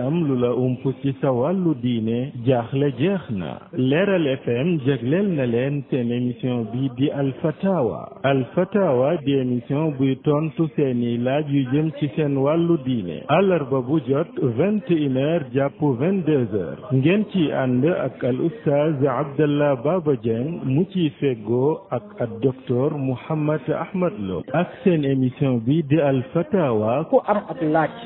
am lu la ump ci sa wàllu diine jaaxle jeex na leeral fm jégleel na leen seen émission bi di alfatawa alfatawa di émission buy tontu seeni laaj yu jëm ci seen wàllu diine àllarba bu jot vingt et une heures jàpp vingt ngeen ci ànd ak al ustaaz abdallah baaba dieng mu ci feggoo ak ak docteur mouhammad ahmad lo ak seen émission bi di alfatawa ku am ab laaj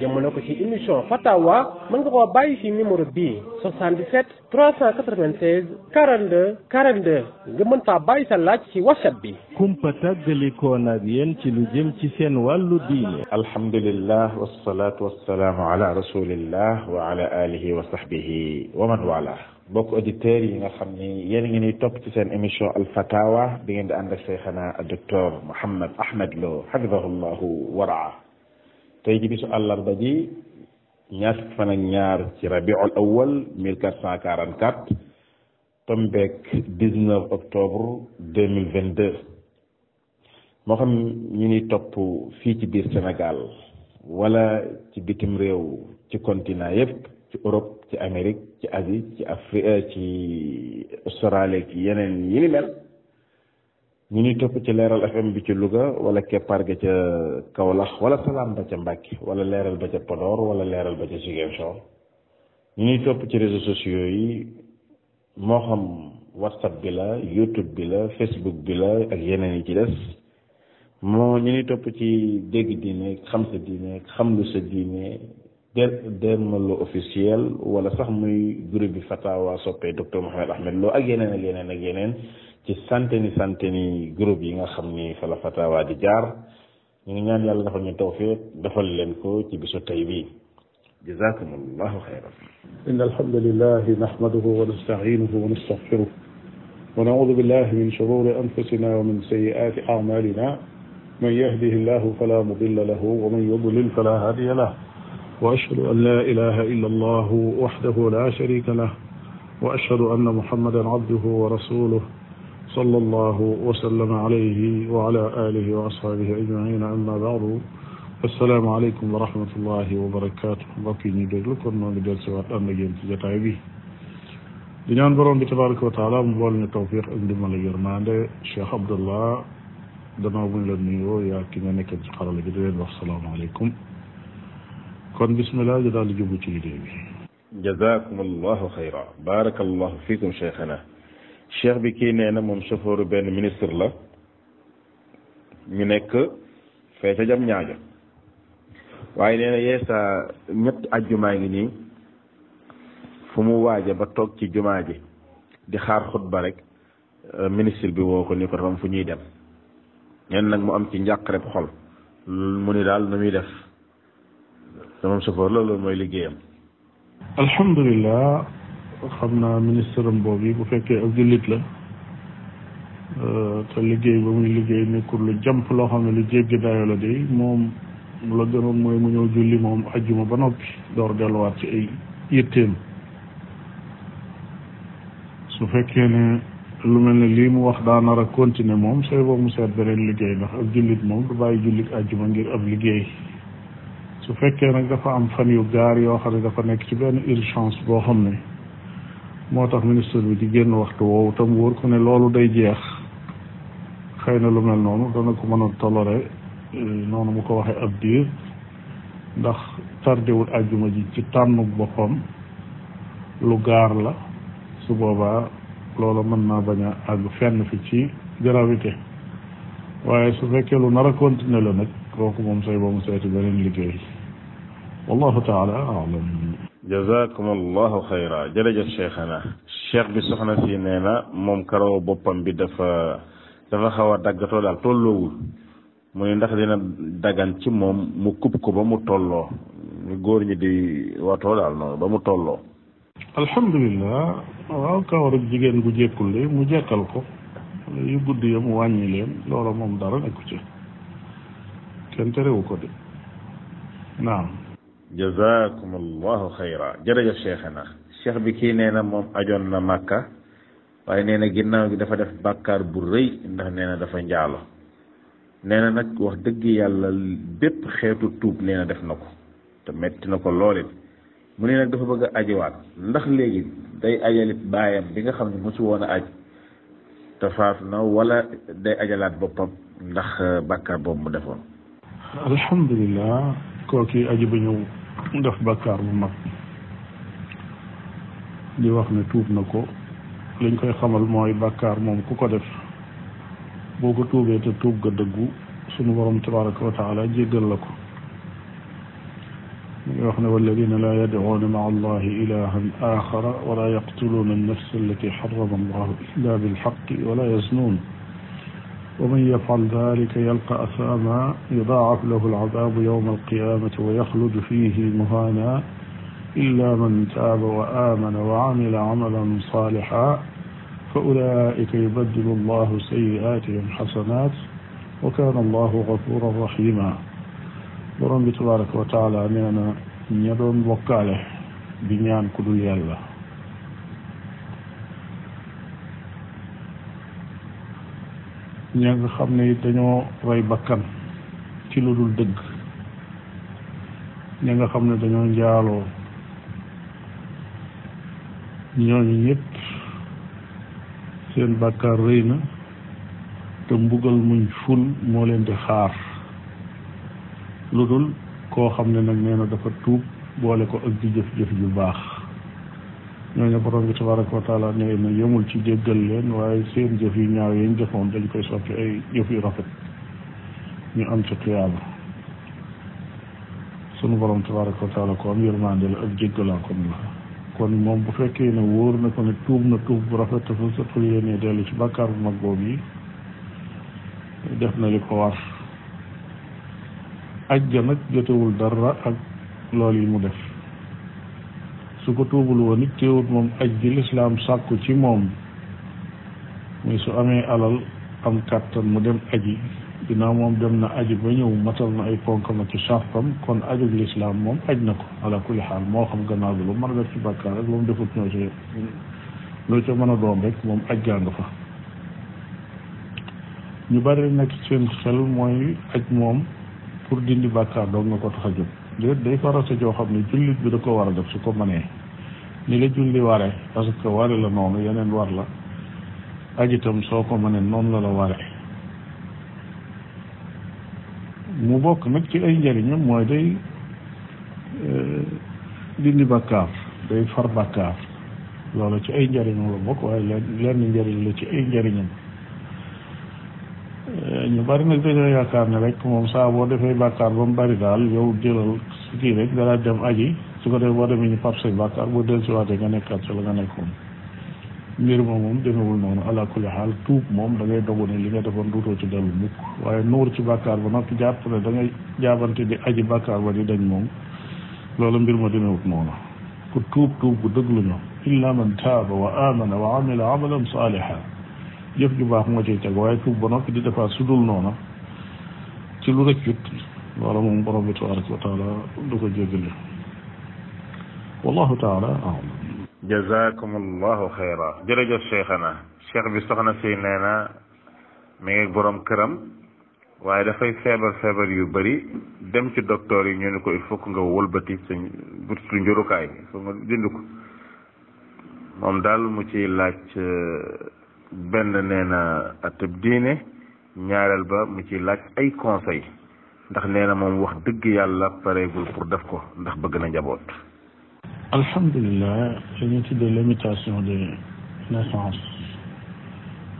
jëmale ko ci émission fatawa mën nga koo bàyyi ci numéro bii 77 396 42 42 nga mën faa bàyyi sa laaj ci whatsapp bi kumpa tàggalikoon ak yéen ci lu jëm ci seen wàllu diine alhamdulillah wasalaatu wasalaamu ala rasulillah wa ala alihi wa sahbihi wa man wala mbokk auditeurs yi nga xam ni yéen a ngi ñuy topp ci seen émission al fatawa bi ngeen di ànd ak seyxana docteur Mouhammad Ahmad Lo hafidahullahu waraa tey ji bisu àllarba ji ñaar fukki fan ak ci rabiul awal mille quatre cent quarante quatre tombeek dix vingt deux moo xam ñu ni topp fii ci biir Sénégal wala ci bitim réew ci continant yëpp ci Europe ci Amérique ci Asie ci Afrique ci Australie yeneen yi ni mel ñu ñuy topp ci leeral fm bi ci Louga wala keppaar ga ca Kaolack wala salaam ba ca Mbàkke wala leeral ba ca Podor wala leeral ba ca Ziguinchor ñu ñuy topp ci réseaux sociaux yi moo xam whatsapp bi la youtube bi la facebook bi la ak yeneen yi ci des moo ñu ñuy topp ci dégg diine xam sa diine xam lu sa diine derma lu officiel wala sax muy groupe bi fatawa soppee docteur Mohamed Ahmed Lo ak yeneen ak yeneen ak yeneen ci santeni santeni groupe yi nga xam ni fa la fatawa di jaar ñu ngi ñaan yàlla defal ñu tawfiq defal leen ko ci bisu tey bii jazakumullahu xayran in alhamdulilahi nahmaduhu wa nasta'inuhu wa nastaghfiruh wa na'udhu billahi min shururi anfusina wa min sayyiati a'malina man yahdihi llahu fala mudilla lahu wa man yudlil fala hadiya lahu wa ashhadu an la ilaha illa allahu wahdahu la sharika lahu wa ashhadu anna muhammadan abduhu wa rasuluh sallallahu wa sallama alayhi wa ala alihi wa ashaabihi ajmaina amma baadu assalaamu aleykum wa rahmatullahi wa barakaatu mbokk yi ñu déglu kon noo ngi del si waat ànd ak yéen ci jotaay bi di ñaan borom bi tabaraka wa taala mu bool ñu tawfiq ak ndimbal ak yërmande Cheikh Abdallah danaa bu ñu la nuyoo yaa ki nga nekkoon ci xarala bi di leen wax salaamaaleykum kon bismillah di daal di jublu ci liggéey bi jazakum allahu xayra barakallahu fikum cheikhana cheikh bi kii nee na moom chauffeur benn ministre la ñu nekk fee ca jam ñaajo waaye nee na yeesa ñett jumaa ngi nii fu mu waaja ba toog ci jumaa ji di xaar xutba rek euh, ministre bi woo ko ni ko tam fu ñuy dem neen nag mu am ci njàqareb xol mu ni daal nu muy def te moom chauffeur la loolu mooy liggéeyam alhamdulillah xam naa ministre am boobu bu fekkee ak jullit la euh, te liggéey ba muy liggéey nekkul lu jàmp loo xam ne lu jéggi dayo la de moom la gënoon mooy mu ñëw julli moom ajjuma ba noppi door delluwaat ci ay yitteem su fekkee ne lu mel ne lii mu wax daa nar continuer moom say boobu mu seet beneen liggéey ndax ak jullit moom du bàyyi jullit ajjuma ngir ab liggéey su fekkee nag dafa am fan yu gaar yoo xam ne dafa nekk ci benn urgence boo xam ne moo tax ministre bi di génn waxtu woowu tam wóor ko ne loolu day jeex xëy na lu mel noonu dana ko mën a tolore eh, noonu mu ko waxee ab diir ndax tardewul àjjuma ji ci tànnuk boppam lu gaar la su boobaa loola mën naa bañ a àgg fenn fi ci gravité waaye su fekkee lu nar a continuer la nag kooku moom say ba mu seeti beneen liggéey wallahu taala alam jazakum allahu xayra jërëjëf cheikhana bi soxna si nee na moom karaw boppam bi dafa dafa xaw a daggatoo daal tolloowul mu ne ndax dina dagan ci moom mu kub ko ba mu tolloo ñu góor ñi di watoo daal noonu ba mu tolloo alhamdulilah waaw kawar ak jigéen bu jekkul de mu jekkal ko yu gudd ya mu wàññi leen loola moom dara nekku ci kenn terewu ko de naam jazakum allahu xayra jërëjëf cheikh na cheikh bi kii nee na moom ajoon na màkka waaye nee na ginnaaw gi dafa def bàkkaar bu rëy ndax nee na dafa njaalo nee na nag wax dëgg yàlla bépp xeetu tuub nee na def na ko te metti na ko loolit mu ne nag dafa bëgg a ajiwaat ndax léegi day ajalit baayam bi nga xam ne mosu ci a aj te faatu na wala day ajalaat boppam ndax euh, bàkkaar boobu mu defoon alhamdulilah kooki aji ba ñëw mu def bakkaar bu mag di wax ne tuub na ko liñ koy xamal mooy bakkaar moom ku ko def boo ko tuubee te tuub ga dëggu sunu borom tabaraka wa taala jéggal la ko mu ngi wax ne walladina laa yadcuuna maca allahi ilahan axara wala yaqtuluuna annafsa allati xarama allahu illa bilxaqi wala yaznuun wa man yafal dalika yalqa asama yudaacaf lahu alcadabu yowma alqiyamati wa yaxludu fihi muhaana illa man taaba wa aamana wa camila camalan saalixa fa ulaika yubaddilu allahu sayi'aatihim xasanaat wa kaana allahu gafuuran raxiima borom bi tabaraka wa taala nee na ña doon bokkaale di ñaan ku dul yàlla ña nga xam ne dañoo rey bakkan ci lu dul dëgg ña nga xam ne dañoo njaaloo ñooñu ñëpp seen bàkkaar rëy na te mbugal muñ ful moo leen di xaar lu dul koo xam ne nag nee na dafa tuub boole ko ak di jëf-jëf ju baax ñooñu borom bi tabaraka wa taala ñëwee na yemul ci jéggal leen waaye seen jëf yu ñaaw yañ jëfoon dañ koy soppi ay jëf yu rafet ñu am ci tuyaaba sunu borom tabaraka wa ko am yërmande la ak jéggalaa kon la kon moom bu fekkee ne wóor na ko ne tuub na tuub bu rafet te fa sëqal yéene dellu ci bàkkaar bu mag boobu yi def na li ko wax ajja nag jotewul dara ak loolu yi mu def su ko tuubul woon it teewut moom aj gi lislaam sàkku ci moom muy su amee alal am kàttan mu dem aji ginnaaw moom dem na aj ba ñëw matal na ay ponkam ak ci sartam kon ajug lislaam moom aj na ko ala kulli xaal moo xam gannaaw bi lu mën a def ci bàkkaar rek lu mu defut ñoo ci loo mën a doom rek moom aj gaa fa ñu bari nag seen xel mooy aj moom pour dindi bàkkaar doog nga ko tax a jóg déet day farata joo xam ne jullit bi da ko war a def su ko mënee ni la julli ware parce que ware la noonu yeneen war la aj itam soo ko mënee noon la la ware mu bokk nag ci ay njëriñam mooy day euh, ni bàkkaar day far bàkkaar loolu ci ay njëriñam la bokk waaye lenn njëriñ la ci ay njëriñam ñu bari nag dañoo yaakaar ne rek moom saaboo boo defee bàkkaar ba mu bari daal yow jëlal si kii rek dara dem aji su ko defee boo demee ñu fab say bàkkaar boo del siwaatee nga nekkaat si la nga nekkoon mbir ma moom demewul noonu ala kulli xaal tuub moom dangay ngay dogu ne li nga defoon duutoo ci dellu mukk waaye nuur ci bàkkaar ba noppi jàpp ne da ngay jaabante di aji bàkkaar ba di dañ moom loolu mbir ma demewut noonu ku tuub tuub bu dëgg lu ñu illa man taaba wa amana wa amila amalan saalihan jëf ju baax moo ciy teg waaye tuub ba noppi di defaat su dul noona ci lu rëccut loola moom borom bi tabaraka wa taala du ko jéggale wallahu taala alam jazakum allahu xayra jërëjëf cheikhana cheikh bi soxna si nee na mi ngi borom këram waaye dafay feebar feebar yu bari dem ci docteur yi ñu ne ko il faut que nga wëlbati sa butu njurukaay il nga dindi ko moom daal mu ciy laaj euh, benn nee na atëb diine ñaareel ba mu ci laaj ay conseil ndax nee na moom wax dëgg yàlla pareegul pour def ko ndax bëgg na njaboot alhamdulilah li ñu tuddee limitation de naissance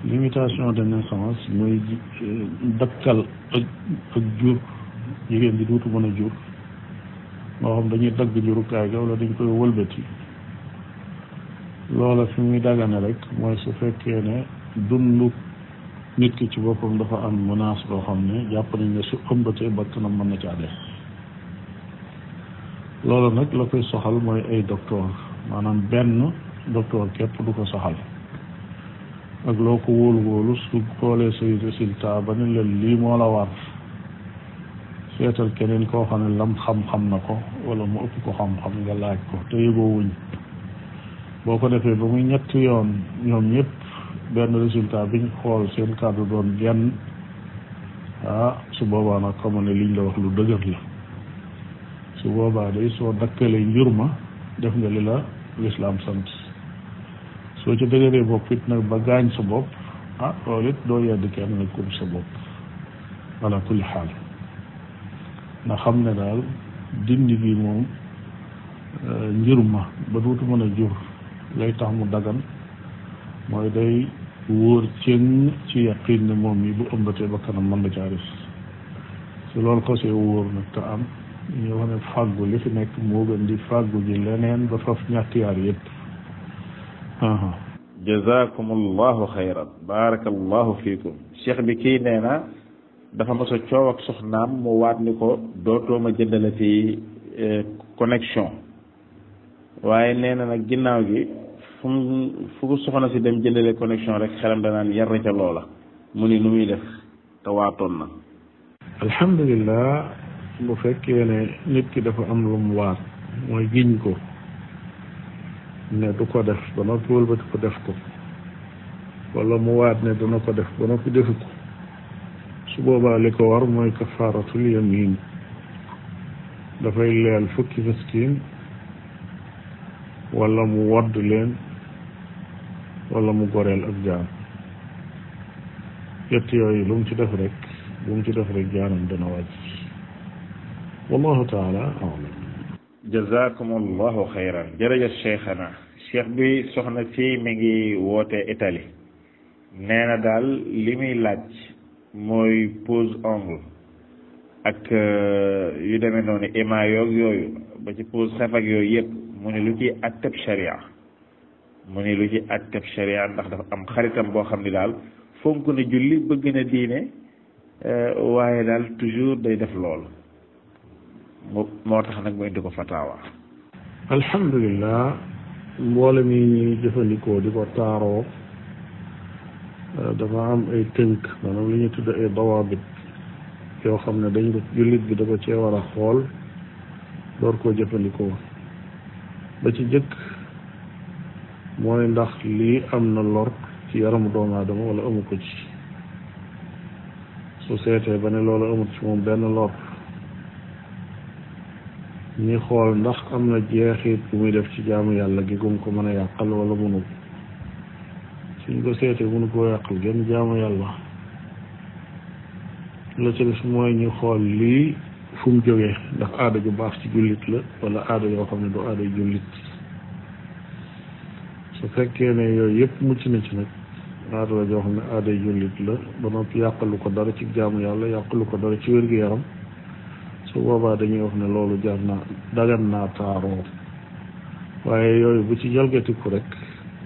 limitation de naissance mooy euh, dakkal ak ak jur jigéen bi dootu mën a jur moo xam dañuy dagg jurukaay ga wala dañ koy wëlbati loola fi muy dagane rek mooy su fekkee ne dundu nit ki ci boppam dafa am menace loo xam ne jàpp nañ ne su ëmbatee na mën na caa dee loolu nag la koy soxal mooy ay docteur maanaam benn docteur képp du ko soxal ak loo ko wóolu wóolu su xoolee say résultat ba ne la lii moo la war seetal keneen koo xam ne lam xam-xam na ko wala mu ëpp ko xam-xam nga laaj ko te yëgoo wuñ boo ko defee ba muy ñetti yoon ñoom ñëpp benn résultat biñ xool seen kàddu doon genn ah su boobaa nag xam ne liñ la wax lu dëgër la su boobaa de soo dakkalee njur ma def nga li la lislaam sant soo ci dëgëree bopp it nag ba gaañ sa bopp ah loolu it doo yedd kenn nag kum sa bopp ala kulli xaal na xam ne daal dindi gi moom eh, njur ma ba duutu mën a jur lay tax mu dagan mooy day wóor cëng ci yaqin ne moom mi bu ëmbatee ba kanam man na caa des su loolu xasee wóor nag te am ñu ne fàggu li fi nekk moo gën di fàggu ji leneen ba faf ñàkk yaar yëpp jazakum allahu xayran bi kii nee na dafa mos a coow ak soxnaam mu waat ni ko dootoo ma jëndalati eh, connexion waaye nee na nag ginnaaw gi fu mu fu soxna si dem jëndale connexion rek xelam danaan yar ca loola mu ni nu muy def te waatoon na alhamdulilah bu fekkee ne nit ki dafa am lu mu waat mooy giñ ko ne du ko def ba noppi wëlbati ko def ko wala mu waat ne dana ko def ba noppi defu ko su boobaa li ko war mooy kafaaratul yamin dafay leel fukki miskin wala mu wodd leen wala mu goreel ak jaam yooyu lu mu ci def rek lu mu ci def rek jaanam dana wàcc wallahu taala alam allahu xayran jërëjëf cheikhana cheikh bi soxna si mi ngi woote itali nee daal li muy laaj mooy pose ongle ak euh, yu demee noonu ima yoog yooyu ba ci pose xef ak yooyu yëpp mu ne lu ciy atteb sharia mu ne lu ci atteb sharia ndax dafa am xaritam boo xam ni daal fonk na julli bëgg na diine euh, waaye daal toujours day def lool moo tax nag mu indi ko fataawa alhamdulilah mboolem yi ñuy jëfandikoo di ko taaroo euh, dafa am ay tënk maanaam li ñu tudd ay dawaabit yoo xam ne dañ ko jullit bi da ko cee war a xool door koo jëfandikoo ba ci jëkk mooy ndax lii am na lor ci yaramu doomu aadama wala amu ko ci su seetee ba ne loolu amut ci moom benn lor ñi xool ndax am na jeexit bu muy def ci jaamu yàlla gi gum ko mën a yàqal walla munu suñ ko seetee munu koo yàqal genn jaamu yàlla la ci des mooy ñu xool lii fu jóge ndax aada ju baax ci jullit la wala aada yoo xam ne du aada jullit su fekkee ne yooyu yëpp ci na ci nag aada la joo xam ne aaday jullit la ba noppi yàqalu ko dara ci jaamu yàlla yàqalu ko dara ci wér-gu-yaram su boobaa dañuy wax ne loolu jar naa dagan naa taaroo waaye yooyu bu ci jalgatiku rek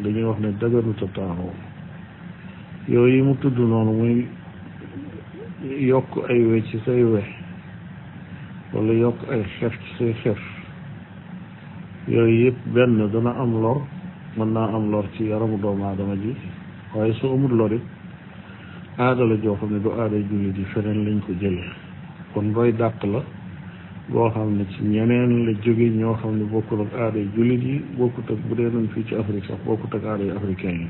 dañuy wax ne daganuta taaroo yooyu mu tudd noonu muy yokk ay we ci say we wala yokk ay xef ci say xef yooyu yëpp benn dana am lor mën naa am lor ci yaramu doomu aadama ji waaye su amul lorit aada joo xam ne du aada jullit yi feneen lañ ko jëlee kon roy dàq la boo xam ne ci ñeneen la jóge ñoo xam ne bokkul ak aada jullit yi bokkut ak bu dee nañ fii ci Afrique sax bokkut ak aada yi yi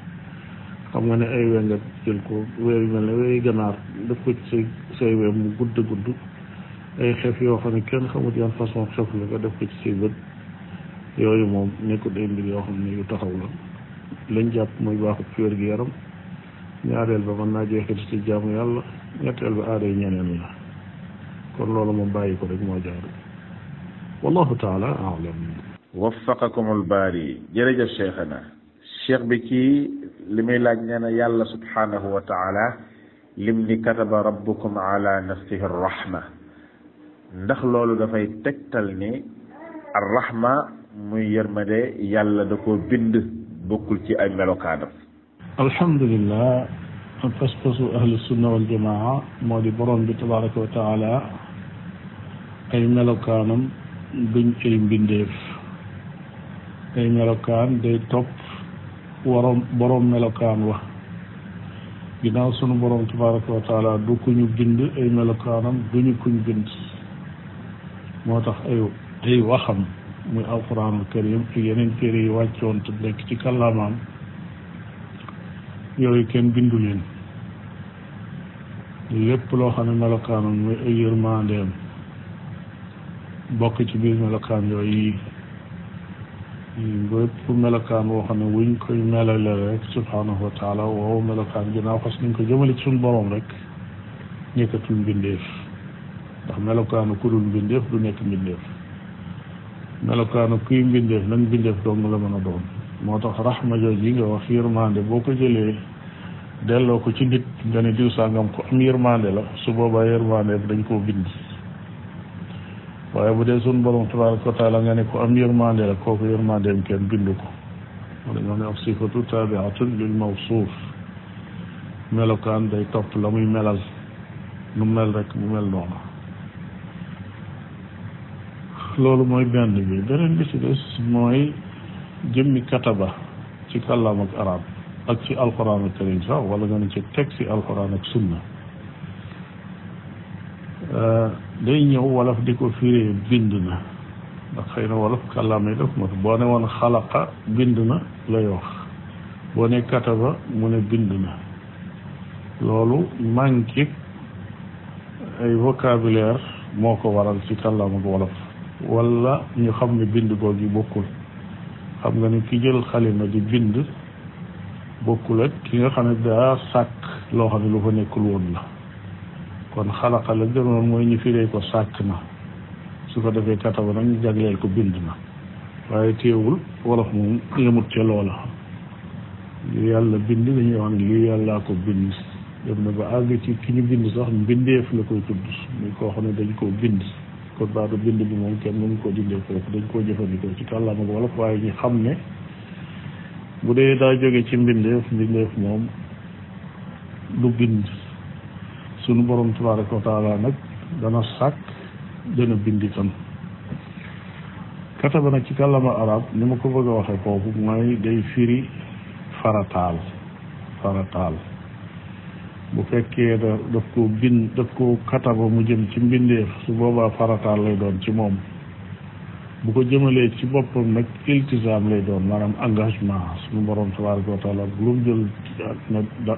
xam nga ne ay we nga jël ko weer yu mel ne weeri ganaar def ko ci say say we mu gudd gudd ay xef yoo xam ne kenn xamut yan façon xef la nga def ko ci say bët yooyu moom nekkul ay mbir yoo xam ne yu taxaw la lañ jàpp muy baaxut ci wér gi yaram ñaareel ba mën naa jeexit ci jaamu yàlla ñetteel ba aada yi ñeneen la kon loolu moom bàyyi ko rek moo jaaru wallahu taala alam waffaqakum albaari jërëjëf cheikhana cheikh bi ci li muy laaj nee na yàlla subhanahu wa taala lim ni kataba rabbukum ala nafsihi arrahma ndax loolu dafay tegtal ni arrahma muy yërmande yàlla da ko bind bokkul ci ay melokaanam alhamdulilah paspasu ahlu sunna wal moo di borom bi tabaraka wa taala ay melokaanam duñ ci mbindeef ay melokaan day topp waroom borom melokaan wa ginnaaw sunu boroom tabaraka wa taala du ku ñu bind ay melokaanam duñu kuñ bind moo tax ay ay waxam muy alquranul karim ak yeneen téere yi wàccoon te nekk ci kàllaamaam yooyu kenn bindu leen lépp loo xam ne melokaanu muy ay yërmandeem bokk ci biir melokaan yooyu yi bépp melokaan woo xam ne wuñ koy melale rek subhanahu wa taala woowu melokaan ginnaaw xas nañ ko jëmale ci suñu borom rek nekkatul mbindeef ndax melokaanu ku dul du nekk mbindeef melokaanu kuy mbindeef nag mbindeef dong la mën a doon moo tax raxma jooju yi nga wax yërmande boo ko jëlee delloo ko ci nit nga ne diw sàngam ko am yërmande la su boobaa yërmande dañ koo bind waaye bu dee sun borom tabaraka wa taala nga ne ko am yërmande la kooku yërmandeem kenn bind ko wala ñoo ne ak sifatu tabiatun lil mawsuuf melokaan day topp la muy melal nu mel rek mu mel noonu loolu mooy benn bi beneen bi ci des mooy jëmmi kataba ci kàllaam ak ak ci alquran ak karim sax wala nga ne ci teg ci alquran ak sunna euh, day ñëw wolof di ko firee bind na ndax xëy na wolof kàllaama yi def boo ne woon xalaqa bind na lay wax boo ne kataba mu ne bind na loolu manqué ay vocabulaire moo ko waral ci kàllaama wolof wala ñu xam ne bind googu yi bokkul xam nga ni ki jël xalima di bind bokkul ak ki nga xam ne daa sàkk loo xam ne lu fa nekkul woon la kon xalaqa la gënoon mooy ñu firee ko sàkk na su defee kataba nag ñu ko bind na waaye teewul wolof moom yëmut ca loola li yàlla bind dañuy wax ne li yàllaa ko bind dem na ba àgg ci ki ñu bind sax mbindeef la koy tudd muy koo xam ne dañ koo bind kon baatu bind bi moom kenn mënu koo jëndee foofu dañ koo jëfandikoo ci kàllaama ko wolof waaye ñu xam ne bu dee daa jóge ci mbindeef mbindeef moom du bind sunu boroom tabaraka wa taala nag dana sàkk dana bind itam kataba ci kàllaama arab ni ma ko bëgg a waxee foofu mooy day firi farataal farataal bu fekkee da daf ko bind daf ko kataba mu jëm ci mbindeef su boobaa farataal lay doon ci moom bu ko jëmalee ci boppam nag iltisaam lay doon maanaam engagement suñu borom tabaraka wa taala lu mu jël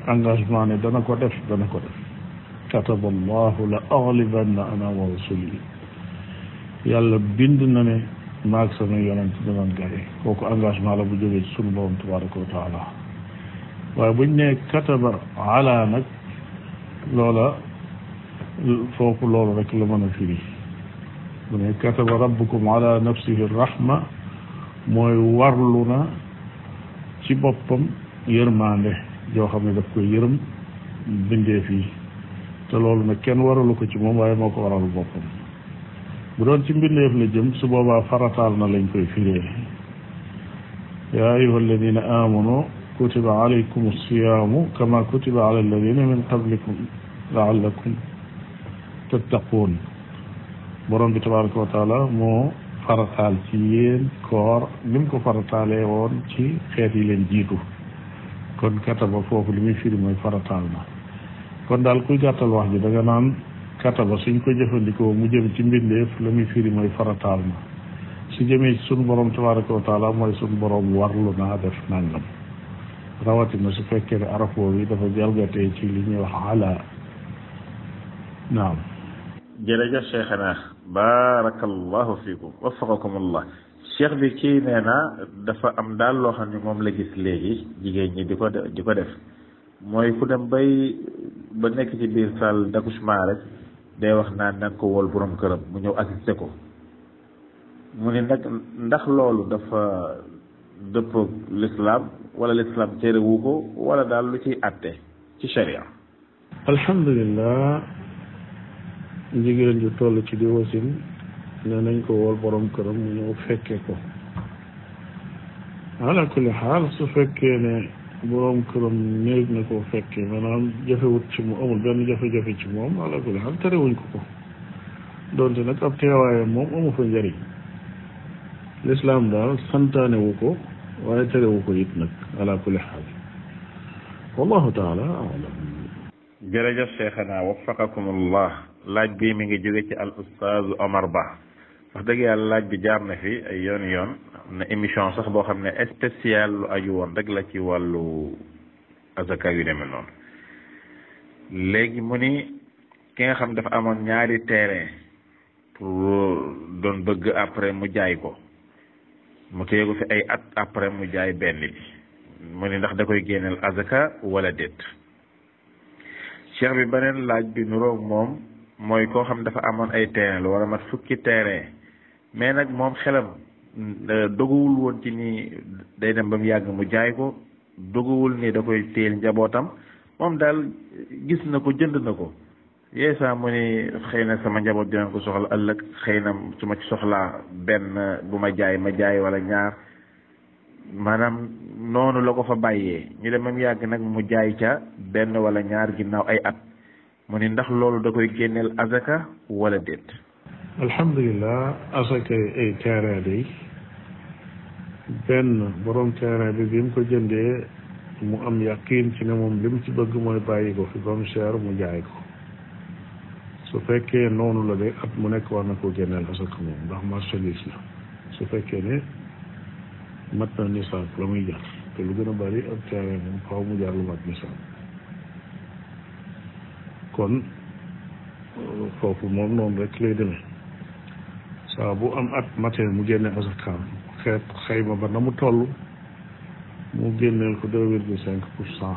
engagement ne dana ko def dana ko def kataba allahu la aghlibanna ana wa rusuli yàlla bind na ne maag sama yonent danañ gaye kooku engagement la bu jógee ci suñu borom tabaraka wa taala waaye buñ ne kataba ala nag loola foofu loolu rek la mën a firi bu ne kataba rabbukum ala nafsihi mooy warlu na ci boppam yërmaande joo xam ne daf koy yërëm bindeef yi te loolu nag kenn waralu ko ci moom waaye moo ko waralu boppam bu doon ci mbindeef la jëm su boobaa farataal na lañ koy firee yaa ayuha alladina amanu kutiba alaykum siyaamu kama kutiba ala alladina min qablikum bi tabaraka wa moo farataal ci yéen koor ni mu ko farataalee woon ci xeet yi leen jiitu kon kataba foofu li muy firi mooy farataal na kon daal kuy gàttal wax ji danga naan kataba suñ ko jëfandikoo mu jëm ci mbindeef la muy firi mooy farataal na su jëmee ci sunu borom tabaraka wa taala mooy sunu borom warlu naa def nangam. rawatina su fekkee ne araf boobu dafa jalgatee ci li ñuy wax ala naam jërëjëf cheikhana baarakallahu fiikum waffaqakum allah cheikh bi kii nee na dafa am daal loo xam ne moom la gis léegi jigéen ñi di ko di ko def mooy ku dem bay ba nekk ci biir salle d'accouchement rek day wax naan nag ko wol borom këram mu ñëw assisté ko mu ne nag ndax loolu dafa dëppoog l'islam wala l'islam terewu ko wala daal lu ciy atte ci sharia alhamdulillah jigéen ju toll ci di wasin ne nañ ko wool borom këram mu ñëw ko ala kulli xaal su fekkee ne borom këram néeg na ko fekke maanaam jafewut ci moom amul benn jafe-jafe ci moom ala terewuñ ko ko doonte nag ab teewaayam moom amu fa njëriñ l'islam daal santaane ko waaye terewu ko it nag ala kulli xaal wallahu taala laaj bii mu ngi jóge ci al ustaaz Omar Ba wax dëgg yàlla laaj bi jaar na fi ay yoon yoon am na émission sax boo xam ne spécial aju woon rek la ci wàllu azaka yu demee noonu léegi mu ni ki nga xam dafa amoon ñaari terrain pour doon bëgg après mu jaay ko mu téye fi ay at après mu jaay benn bi mu ne ndax da koy génneel azaka wala déet cheikh bi beneen laaj bi nuroog moom mooy koo xam dafa amoon ay terrain lu war a mat fukki terrain mais nag moom xelam euh, doguwul woon ci nii day dem ba mu yàgg mu jaay ko doguwul nii da koy téyel njabootam moom daal gis na ko jënd na ko yeesa ah, mu ni xëy na sama njaboot dina ko soxla ëllëg xëy na su ma ci soxlaa benn bu ma jaay ma jaay walla ñaar maanaam noonu la ko fa bàyyee ñu dem yàgg nag mu jaay ca benn wala ñaar ginnaaw ay at mu ni ndax loolu da koy génneel azaka wala déet alhamdulilah azaka ay terrain day benn borom terrain bi bi mu ko jëndee mu am yaqiin ci ne moom li mu ci bëgg mooy bàyyi ko fi ba mu jaay ko su fekkee noonu la de at mu nekk war na koo génneel asaka moom ndax marchandise la su fekkee ne mat na nisaab la muy jar te lu gën a bari ak caaree moom faaw mu jaar lu mat nisaab kon foofu moom noonu rek lay demee saa bu am at matee mu génne asakaam xeet ma ba na mu toll mu génneel ko deux virgule cinq pour cent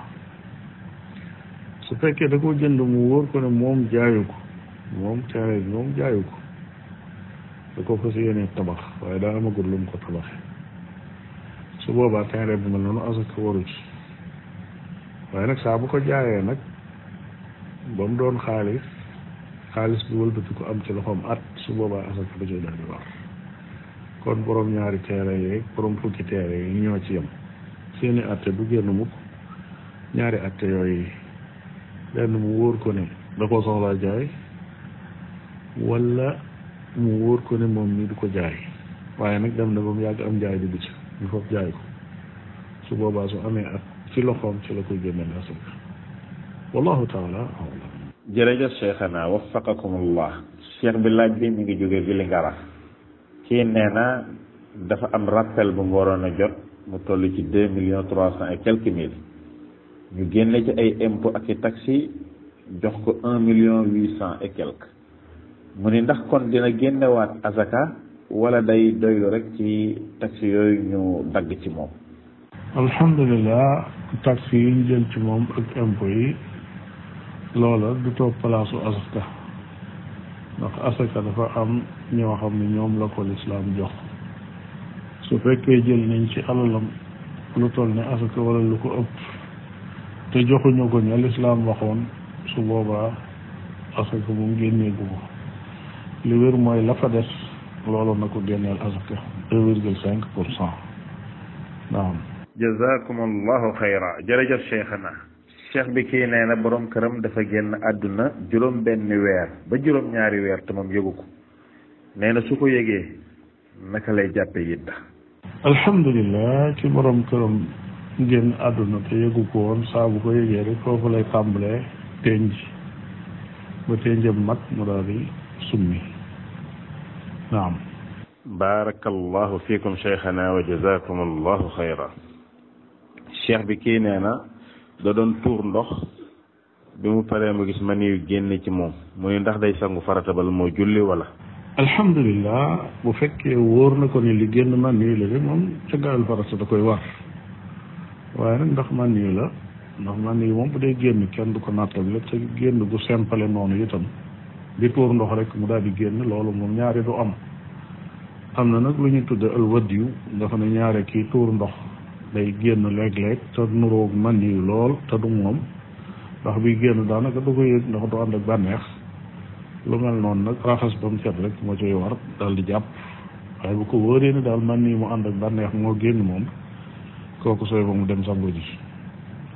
su fekkee da koo jënd mu wóor ko ne moom jaayu ko moom caare bi moom jaayu ko da ko ko si yéenee tabax waaye daal amagul lu mu ko tabaxe su boobaa terrain bu ma noonu asaka waru waaye nag saa bu ko jaayee nag ba mu doon xaalis xaalis bi wëlbati ko am ci loxoom at su boobaa asaka da cay daal di war kon boroom ñaari terrain yeeg borom fukki terrain yi ñoo ci yem seeni at du génn mukk ñaari atte yi benn mu wóor ko ne da soxlaa jaay wala mu wóor ko ne moom mi du ko jaay waaye nag dem na ba mu yàgg am jaay bi du ci ñu foofu jaay ko su boobaa su amee ak ci loxoom ci la koy génneel asaka wallahu taala alam jërëjëf cheikhana waffaqakum allah cheikh bi laaj bi mi ngi jóge Vélingara kii nee na dafa am rappel bu mu waroon a jot mu toll ci deux millions trois cent et quelques mille ñu génne ci ay impôt ak i taxi jox ko un million huit cent et quelques mu ni ndax kon dina génnewaat azaka wala day doylu rek ci taxe yooyu ñu dagg ci moom alhamdulilah taxe yi ñu jël ci moom ak impôt yi loola du toog palaasu asaka ndax asaka dafa am ñoo xam ne ñoom la ko lislaam jox su fekkee jël nañ ci alalam lu toll ne asaka wala lu ko ëpp te joxuñu ko ña lislaam waxoon su boobaa asaka moom génneegu ko li wér mooy la fa des na ko cinq pour cent naam jazakum allahu xayra jërëjëf cheikhana cheikh bi kii nee na borom këram dafa génn àdduna juróom benn weer ba juróom ñaari weer te moom yëgu ko nee su ko yëgee naka lay jàppe yidda alhamdulilah ci borom këram génn àdduna te yëgu ko woon ko yëgee rek foofu lay tàmbalee ténj ba ténjam mat mu daal di summi naam baarakallahu fiikum cheikhana wa jazakum allahu xayra cheikh bi kii nee na da doon tuur ndox bi mu paree mu gis ma yu génn ci moom mu ne ndax day sangu farata bala moo julli wala alhamdulilah bu fekkee wóor na ko ne li génn man yu la de moom cëggaayul farata da koy war waaye nag ndax man yu la ndax man yu moom bu dee génn kenn du ko nattable te génn gu simple noonu itam li tuur ndox rek mu daal di génn loolu moom ñaari du am am na nag lu ñuy tudde alwad yu nga xam ne ñaare kii tuur ndox day génn léeg-léeg te nuroog man yi lool te du moom ndax bi génn daanaka du ko yëg ndax du ànd ak bànneex lu mel noon nag raxas ba mu set rek moo ciy war daal di jàpp waaye bu ko wóoree ni daal man nii mu ànd ak bànneex moo génn moom kooku sooy ba mu dem sangu ji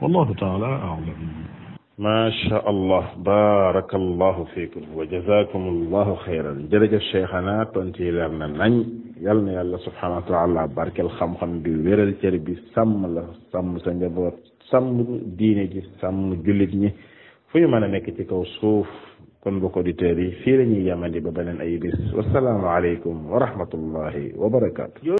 wallahu taala aalam macha allah barakallahu fiikum wa jazakum allahu xayran jërëjëf cheikhana tont yi leer na nañ yal na yàlla subhanahu wa taala barkeel xam-xam bi wéral cër bi sàmm la sàmm sa njaboot sàmm diine ji sàmm jullit ñi fu ñu mën a nekk ci kaw suuf kon bokk auditeurs yi fii la ñuy yamandi ba beneen ay bis wasalaamu aleykum wa rahmatullahi wa barakaatu